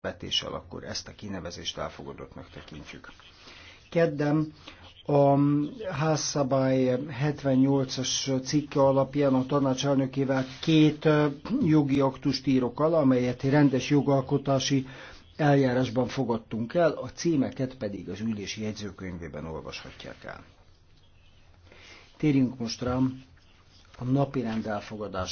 vetéssel, akkor ezt a kinevezést elfogadottnak tekintjük. Kedden a házszabály 78-as cikke alapján a tanácselnökével két jogi aktust írok alá, amelyet rendes jogalkotási eljárásban fogadtunk el, a címeket pedig az ülési jegyzőkönyvében olvashatják el. Térjünk most rám a napi rend elfogadás